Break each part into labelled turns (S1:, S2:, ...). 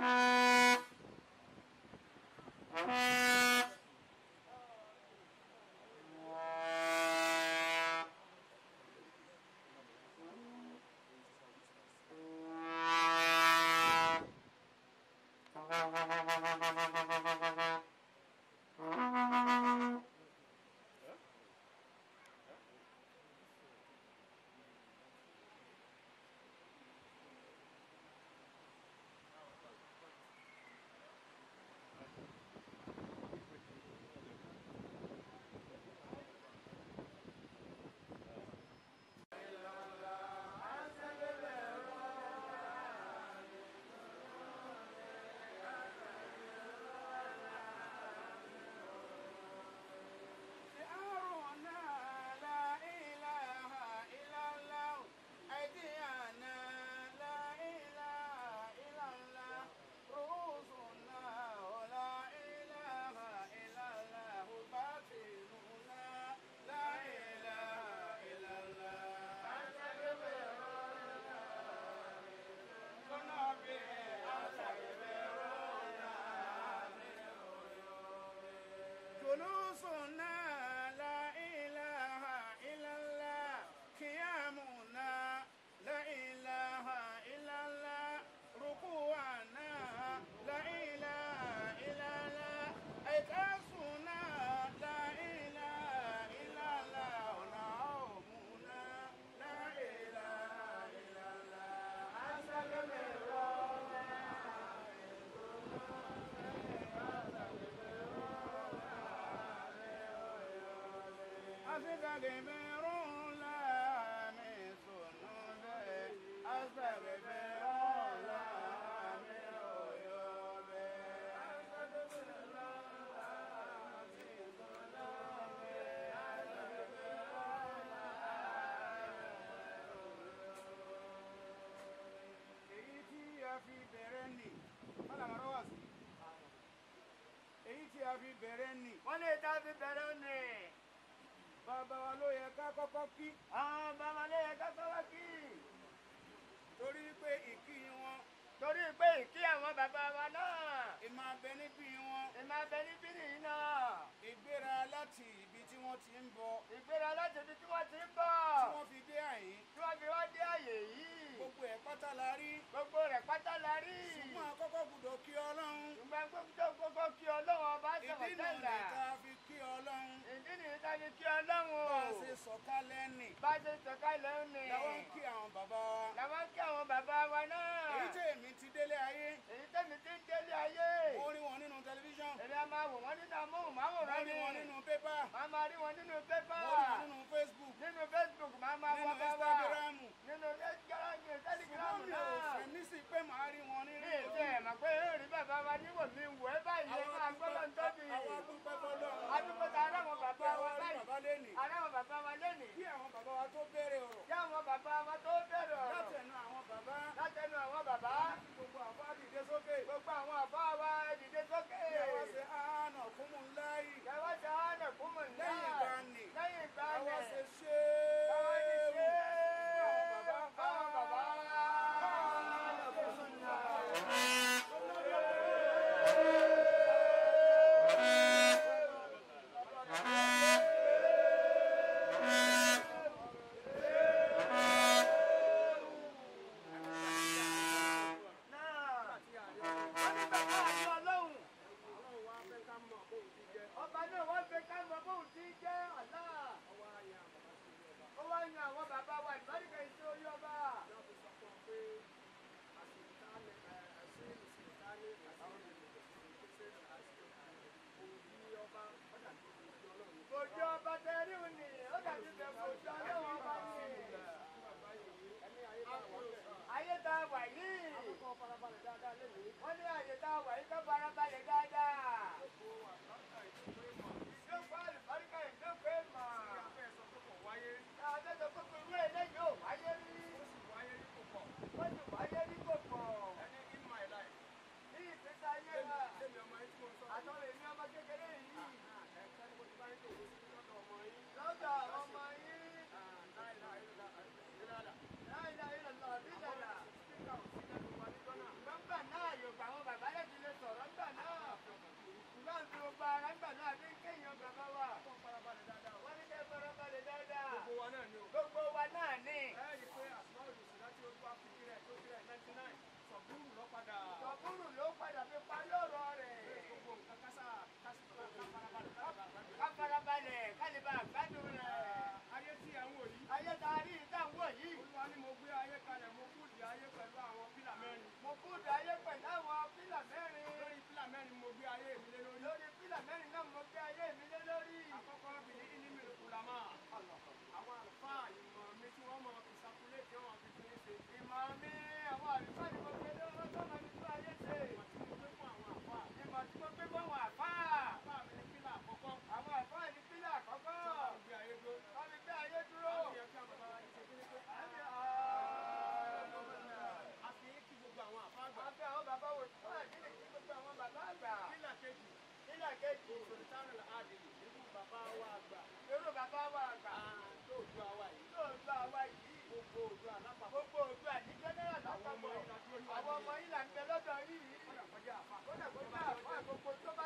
S1: Música mọ́làmọ́rọ́ wà sí èyí tí a fi bẹ̀rẹ̀ nì. wọ́n lè tá a fi bẹ̀rẹ̀ nì. bàbá wa ló yẹ ká kọ́kọ́ kí. àwọn bàbá ló yẹ ká kọ́kọ́ kí. torí pé ìkí wọn. torí pé ìkí àwọn bàbá wa náà. ìmọ̀ abẹ níbí wọn. ìmọ̀ abẹ níbí nìyí náà. ìgbéra láti ibi tí wọ́n ti ń bọ̀. ìgbéra láti ibi tí wọ́n ti ń bọ̀. tí wọ́n fi dé àyè. tí wọ́n fi wá dé àyè yìí gbogbo ẹ̀ pátá la rí. gbogbo rẹ̀ pátá la rí. ṣùgbọ́n àkọ́kọ́ gbọ́dọ̀ kí Ọlọ́run. ṣùgbọ́n gbọ́dọ̀ kí Ọlọ́run ọba sọ̀rọ̀ tẹ́lá. ìdí nìyẹn ká fi kí Ọlọ́run ní kí ọlọ́run o. bá a ṣe sọ̀kalẹ̀ nì. bá a ṣe sọ̀kalẹ̀ nì. làwọn ń kí àwọn bàbá wa. làwọn ń kí àwọn bàbá wa náà. èyí tẹ̀ mí ti délé ayé. èyí tẹ̀ mí ti délé ayé. mo rí wọn nínú tẹlifíṣàn. èmi a wò wọ́n nínú amóhùnmáwòrán ni. mo rí wọn nínú pépà. màá máa rí wọn nínú pépà. mo rí wọn nínú facebook. nínú facebook màá máa wọ bá wa. nínú instagram. nínú instagram nínú telegram náà. wa lénìí. Àrẹ àwọn bàbá wa lénìí. Bí àwọn bàbá wa tó bẹ̀rẹ̀ ọ̀rọ̀. Bí àwọn bàbá wa tó bẹ̀rẹ̀ ọ̀rọ̀. Látẹnu àwọn bàbá. Látẹnu àwọn bàbá. Gbogbo àbá dìde sókè. Gbogbo àwọn àbá wa dìde sókè. Yàwá ṣe àánà fún mu láì. Yàwá ṣe àánà fún mu láì. Lẹ́yìn ìgbani. Lẹ́yìn ìgbani. Yàwá ṣe ṣé. Yàwá ṣe ṣé. Àwọn bàbá. Àwọn bàbá. tá a wà yìí. àkókò farabalẹ̀ dáadáa lè wọ́n ní àyè tá yìí ká fara jọ̀búrù ló padà. jọ̀búrù ló padà fi parí ọ̀rọ̀ rẹ̀. gbogbo nǹkan kásá kásìkò ká farabalẹ̀ ká lè bá àgbádùn rẹ̀. ayé tí à ń wò yìí. ayé tá a rí i tá ń wò yìí. olúwa ni mo gbé ayé kalẹ̀ mo kúùdì ayé pẹ̀lú àwọn pílà mẹ́rin. mo kúùdì ayé pẹ̀lú àwọn pílà mẹ́rin. lórí pílà mẹ́rin mo gbé ayé mi lé lórí. lórí pílà mẹ́rin náà mo gbé ayé mi lé lórí. àkọ́kọ́ bìnrin ìní mi lòkù la máa. àwọn àlùfáà ìmọ̀ mi tí wọ́n mọ̀ ìsàkúlẹ̀ tí wọ́n fi fi ń ṣe. ìmọ̀ mi ẹlẹ́ẹ̀kejì sultanul adil irú bàbá wa àgbà irú gbogbo òdu àlápapọ̀ gbogbo àwọn ọmọ yìí là ń bẹ lọ́dọ̀ yìí kódà kọjá àfa kódà kọjá àfa gbogbo tó bá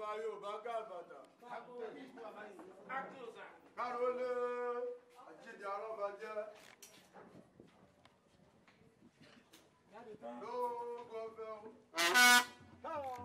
S1: bàbá Yorùbá ká àbàtà. káró lé àjíǹde arọ́bàjẹ́. lóògùn ọ̀fẹ́ o.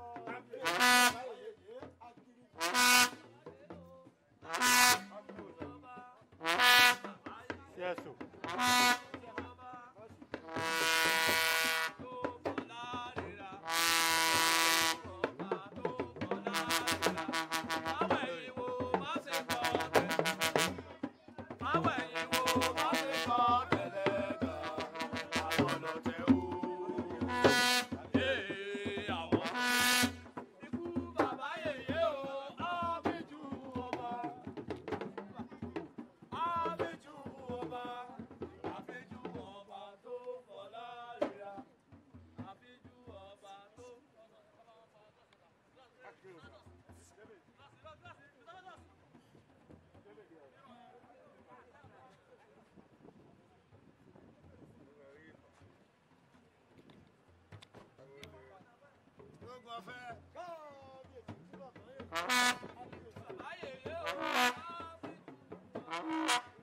S1: ogun ọ̀fẹ́. káàbíyèsí fúlọ̀ kan yé. àbáyé yé o.